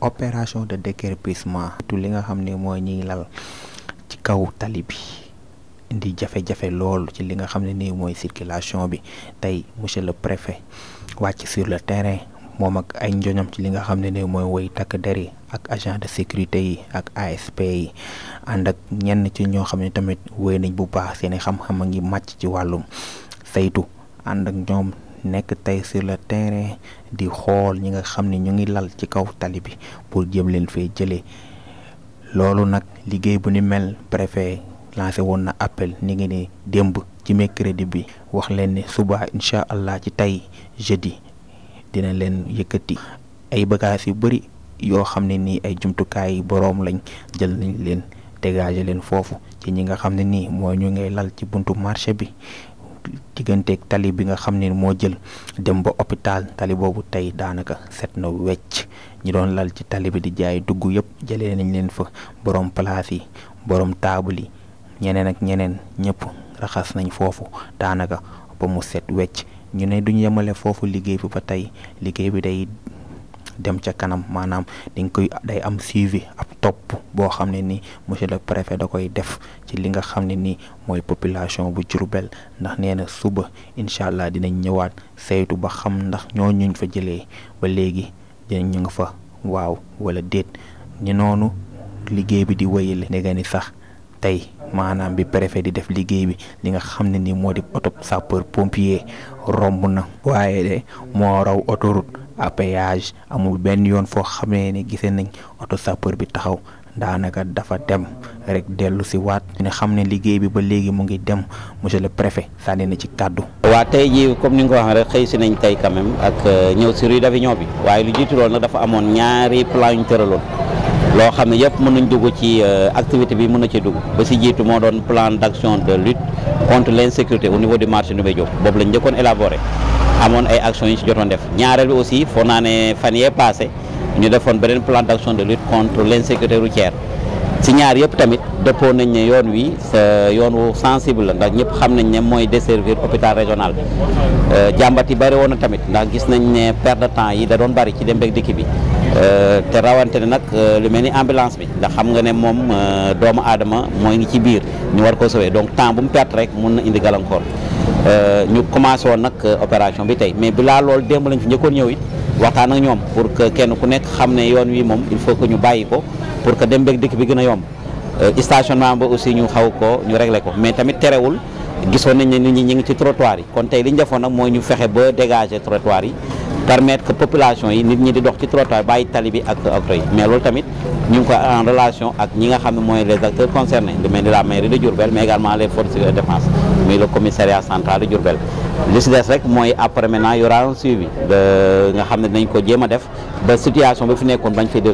opération de déguerpissement tu li nga xam ne mooy ñiy lal ci kaw tali bi indi jafe-jafe loolu ci li nga xam ne ni mooy circulation bi tey monsieur le préfet wàcc sur le terrain moom ak ay njoñam ci li nga xam ne nii mooy woy takk der yi ak agent de sécurité yi ak ASP yi ànd ak ñenn ci ñoo xam ne tamit wéy nañ bu baax seeni xam-xam a ngi màcc ci wàllum saytu ànd ak ñoom nekk tey sur le terrain di xool ñi nga xam ni ñu ngi lal ci kaw tali bi pour jëm leen fee jëlee loolu nag liggéey bu ni mel préfet lancé woon na appel ni ngi ne démb ci crédit bi wax leen ne suba incha allah ci tey jeudi dina leen yëkkati ay bagages yu bëri yoo xam ne nii ay jumtukaay yi boroom lañ jël nañ leen dégager leen foofu ci ñi nga xam ne nii mooy ñu ngay lal ci buntu marché bi digganteeg tali bi nga xam ne moo jël dem ba hôpital tali boobu tey daanaka seet na wecc ñi doon lal ci tali bi di jaay dugg yëpp jëlee nañ leen fa boroom place yi boroom taabul yi ñeneen ak ñeneen ñëpp raxas nañ foofu daanaka ba mu set wecc ñu ne duñu yemale foofu liggéey bi ba tey liggéey bi day dem ca kanam maanaam dañ koy day am suivi ab topp boo xam ne ni monsieur la préfet da koy def ci li nga xam ne nii mooy population bu Diourbel ndax nee na suba incha allah dinañ ñëwaat saytu ba xam ndax ñoo ñuñ fa jëlee ba léegi dinañ ñu nga fa waaw wala déet ni noonu liggéey bi di wéyale ndega ni sax tey maanaam bi préfet di def liggéey bi li nga xam ne ni moo di auto sapeur pompier romb na waaye de moo raw autoroute à péage amul benn yoon foo xamee ne gisee nañ oto sapeur bi taxaw daanaka dafa dem rek dellu si waat ne xam ne liggéey bi ba léegi mu ngi dem monsieur le préfet sànni na ci kàddu waa tey ji comme ni nga ko waxee rek xëy si nañ tey quand même euh, ñëw si rue bi waaye lu jiitu loolu nag dafa amoon ñaari plan yu tëraloon loo xam ne yëpp mën nañ dugg ci euh, activité bi mën na ci dugg ba si jiitu moo doon plan d' action de lutte contre l' insécurité au niveau du marché Ndoumbé Diop boobu lañ njëkkoon élaboré amoon ay actions yi ci jotoon def ñaareel bi aussi foog naa ne fan yee passé ñu defoon beneen plan d' action de lutte contre l' insécurité routière si ñaar yëpp tamit dëppoo nañ ne yoon wi yoon wu sensible la ndax ñëpp xam nañ ne mooy desservir hôpital régional euh, jàmbat yi bëri woon na tamit ndax gis nañ ne perte de temps yi da doon bëri ci dem beeg dikk bi euh, te rawante ne nag euh, lu mel ni ambulance bi ndax xam nga ne moom doomu aadama mooy ngi ci biir ñu war koo sowee donc temps bu mu perte rek mun na indi gàllankoor. Euh, ñu commencé woon nag euh, opération bi tey mais laa lool démb lañ fi njëkkoon ñëw it waxtaan ak ñoom pour que kenn ku nekk xam ne yoon wi moom il faut que ñu bàyyi ko pour que dem beeg dikk bi gën a yomb euh, stationnement ba aussi ñu xaw ko ñu réglé ko mais tamit terewul gisoon nañ ne nit ñi ñu ngi ci trottoir yi kon tey li ñu defoon nag mooy ñu fexe ba dégager trottoir yi permettre que population yi nit ñi di dox ci trottoir bàyyi tali bi ak oto yi mais loolu tamit ñi nga xam ne mooy les acteurs concernés lu mel ni la mairie de Diourbel mais également les forces de défense muy le commissariat central de Diourbel li si des rek mooy après maintenant y aura un suivi nga xam ne dinañ ko jéem a def ba situation bi fi nekkoon bañ fi